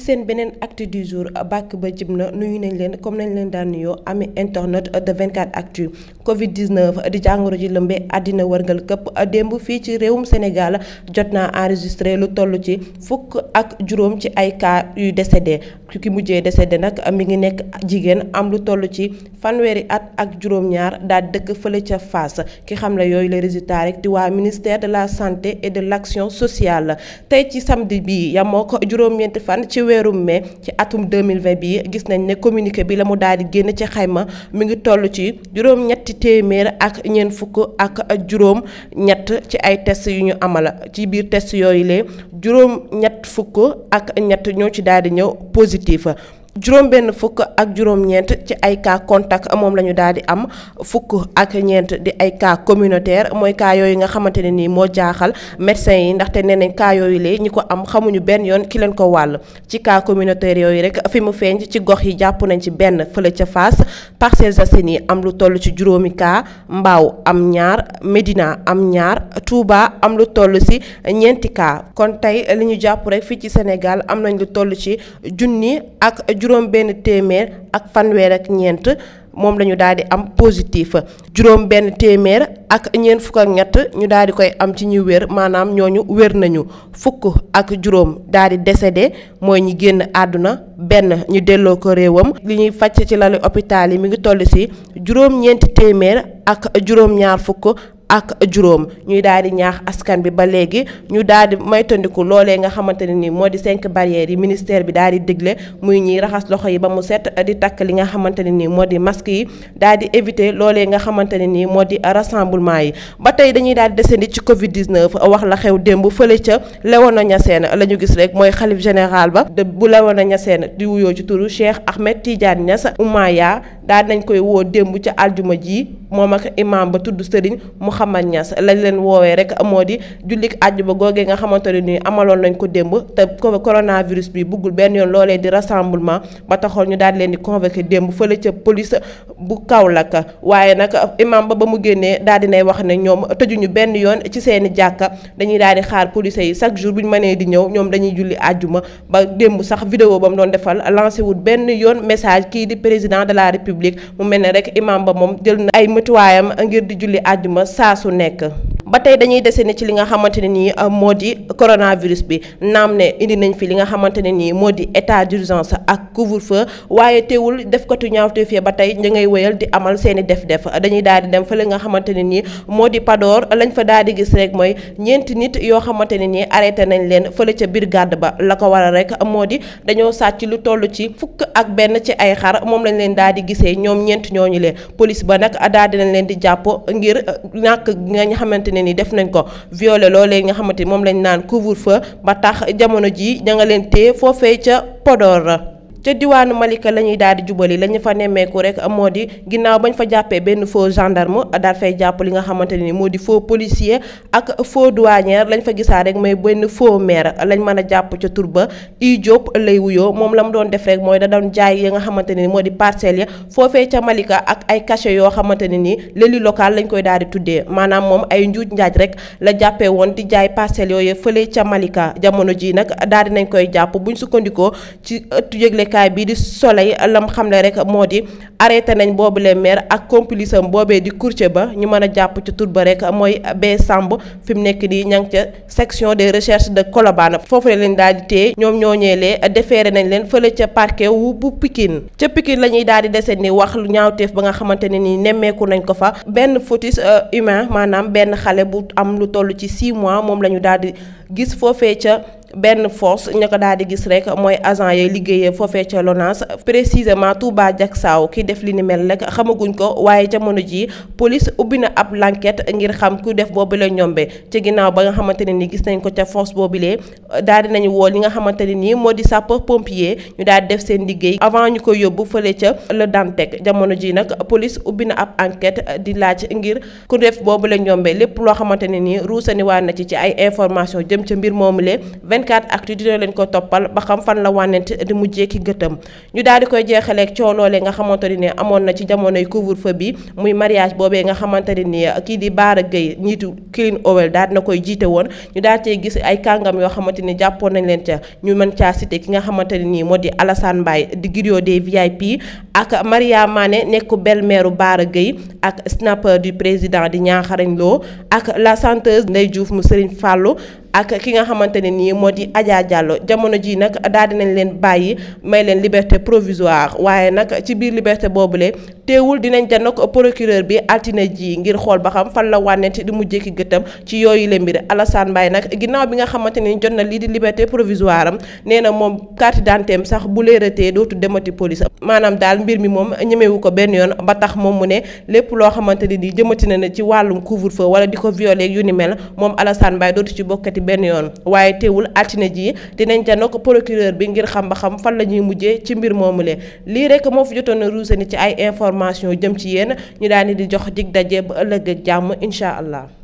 ci seen beneen acte du jour bàkk ba jëm na nuyu nañ leen comme nañ leen daan nuyoo amee internet de 24 actu Covid 19 di jàngoro ji lëmbee àddina wërngal këpp démb fii ci réewum Sénégal jot naa enregistré lu toll ci fukk ak juróom ci ay cas yu décédé ki mujjee décédé nag mi ngi nekk jigéen am lu toll ci fanweeri at ak juróom-ñaar daal dëkk fële ca Fass ki xam la yooyu les résultats rek di waa ministère de la santé et de laction action sociale tey weeru mai ci atum 2020 bi gis nañ ne communiqué bi la mu daal di ci xayma mu ngi toll ci juróom-ñetti téeméer ak ñeent fukk ak juróom ñett ci ay test yu ñu amal ci biir test yooyu lee juróom ñett fukk ak ñett ñoo ci daal di ñëw positif juróom benn fukk ak juróom-ñeent ci ay kaa contact moom la ñu daal di am fukk ak ñeent di ay kaa communautaire mooy cas yooyu nga xamante ne nii moo jaaxal médecin yi ndaxte nee nañ cas yooyu lee ñi ko am xamuñu benn yoon ki leen ko wàll ci cas communautaire yooyu rek fi mu feeñ ci gox yi jàpp nañ ci benn fële ca Fass Parcelles Assainies am lu toll ci juróomi cas Mbao am ñaar Médina am ñaar Touba am lu toll si ñeenti cas kon tey li ñu jàpp rek fii ci Sénégal am nañ lu toll ci junni ak juróom benn téeméer ak fanweer ak ñeent moom la ñu daal di am positif juróom benn téeméer ak ñeent fukk ak ñett ñu daal di koy am ci ñuy wér maanaam ñooñu wér nañu fukk ak juróom daal di décédé mooy ñi génn àdduna benn ñu delloo ko réewam li ñuy fàcc ci lalu hôpital yi mi ngi toll si juróom ñeenti téeméer ak juróom ñaar fukk ak juróom ñuy daal di ñaax askan bi ba léegi ñu daal di moytandiku loolee nga xamante ne ni moo di cinq barrières yi ministère bi daal di digle muy ñiy raxas loxo yi ba mu set di takk li nga xamante ne ni moo di masque yi daal di éviter loolee nga xamante ne ni moo di rassemblement yi ba tey dañuy daal di desandi ci Covid 19 wax la xew démb fële ca Léona Niassène la ñu gis rek mooy xalif général ba bu Léona Niassène di wuyoo ci turu Cheikh Ahmed Tidiane Niass Oumaya daal nañ koy woo démb ca aljuma ji moom ak imam ba tudd Serigne Mouhamad Niass lañ leen woowee rek moo di jullik àjjuma googee nga xamante ne nii amaloon nañ ko démb te coronavirus bi buggul benn yoon loolee di rassemblement ba taxoon ñu daal leen di convoqué démb fële ca police bu Kaolack waaye nag imam ba ba mu génnee daal di nay wax ne ñoom tëjuñu benn yoon ci seeni jàkka dañuy daal di xaar police yi chaque jour bu ñu mënee di ñëw ñoom dañuy julli àjjuma ba démb sax vidéo ba mu doon defal lancé wul benn yoon message kii di président de la république mu mel ne rek imam moom jël na mituwaayam ngir di julli àjjuma saa su nekk ba tey dañuy dese ne ci li nga xamante ne nii euh, moo di coronavirus bi naam ne indi nañ li nga xamante ne nii moo di état d'urgence ak couvre-feu waaye teewul def katu ñaawteef ya ba tey ñu ngay wéyal di amal seen i def-def dañuy daal di dem fële nga xamante ne nii moo di Podor lañ fa daal di gis rek mooy ñeenti nit yoo xamante ne nii arrêté nañ leen fële ca biir gàdd ba la ko waral rek moo di dañoo sàcc lu toll ci fukk ak benn ci ay xar moom lañ leen daal di gisee ñoom ñeent ñooñu leen police ba nag daal di nañ leen di jàpp ngir eh, ñàkk nga xamante ne ni def nañ ko violé loolee nga xamante ni moom lañ naan couvre-feu ba tax jamono jii ña nga leen téye foofee ca Podor. ca diwaanu Malika la ñuy daal di jubali la ñu fa nemmeeku rek moo di ginnaaw bañ fa jàppee benn faux gendarme daal fa jàpp li nga xamante ni moo di faux policier ak faux douanière lañ fa gisaa rek mooy benn faux maire lañ mën a jàpp ca tur ba i lay wuyoo moom la mu doon def mooy da doon jaay yi nga xamante ne moo di parcelles ya foofee ca Malika ak ay cachet yoo xamante ne nii l'élu local lañ koy daal di tuddee maanaam moom ay njuuj njaaj rek la jàppee woon di jaay parcelles yooyu fële ca Malika jamono ji nag daal nañ koy jàpp buñ sukkandikoo ci ëttu yëgle yéenekaay bi di soleil lam xamle rek moo di arrêté nañ boobu le maire ak complice boobee di courtier ba ñu mën a jàpp ca tur ba rek mooy bee Samb fi mu nekk di ña ngi ca section des recherches de Colobane foofu la leen daal di ñoom ñoo ñeelee déféré nañ leen fële ca parquet wu bu Pikine ca Pikine la ñuy daal di dese ni wax lu ñaawteef ba nga xamante ne ni nemmeeku nañ ko fa benn fœtus euh, humain maanaam benn xale bu am lu toll ci 6 mois moom la ñu daal di gis foofee ca. benn force ña ko daal di gis rek mooy agent yooyu liggéeyee foofee ca LONASE précisément Touba Diaksaaw ki def li ni mel nag xamaguñ ko waaye jamono jii police ubbi na ab l'enquête ngir xam ku def boobu la ñombe ci ginnaaw ba nga xamante ne ni gis nañ ko ca force boobilee daal di nañu woo li nga xamante ne nii moo di sapeur pompier ñu daal di def seen liggéey avant ñu ko yóbbu fële ca le Dantec jamono ji nag police ubbi na ab enquête di laaj ngir ku def boobu la ñombe lépp loo xamante ne nii ruusaniwaat na ci ci ay information jëm ca mbir moomu moomule 24 actu dina ko toppal ba xam fan la wànnent di mujjee ki gëtëm ñu daal di koy jeexaleeg cooloolee nga xamante ne amoon na ci jamonoy couvre-feu bi muy mariage boobee nga xamante ne ni kii di Baara Gueye njiitu Clean Owel daal dina koy jiite woon ñu daal cee gis ay kàngam yoo xamante ni jàppoon nañ leen ca ñu mën caa cité ki nga xamante ne nii moo di Alassane Mbaye di griot des VIP ak Maria Mané nekk belle-mère Baara géey ak snapper du président di Niakharagne Lo ak la chanteuse Ndeye Diouf mu Serigne Fallou ak ki nga xamante ne nii moo di Adja Diallo jamono ji nag daal dinañ leen bàyyi may leen liberté provisoire waaye nag ci biir liberté boobule teewul dinañ ko procureur bi altine ji ngir xool ba xam fan la wànnent di mujjee ki gëtam ci yooyu la mbir Alassane Mbaye nag ginnaaw bi nga xamante ne jot na lii di liberté provisoire am nee na moom carte d'identité sax bu leeratee dootu demati police maanaam daal mbir mi moom ñemewu ko benn yoon ba tax moom mu ne lépp loo xamante ne nii jëmati na ne ci wàllum couvre wala di ko violer yu ni mel moom Alassane Mbaye dootu ci bokkati benn yoon waaye teewul altine ji dinañ nokk procureur bi ngir xam ba xam fan la ñuy mujjee ci mbir moomule lii rek moo fi jotoon ruuse ni ci ay information jëm ci yéen ñi daal di jox dig daje ba ëllëg ak jàmm incha allah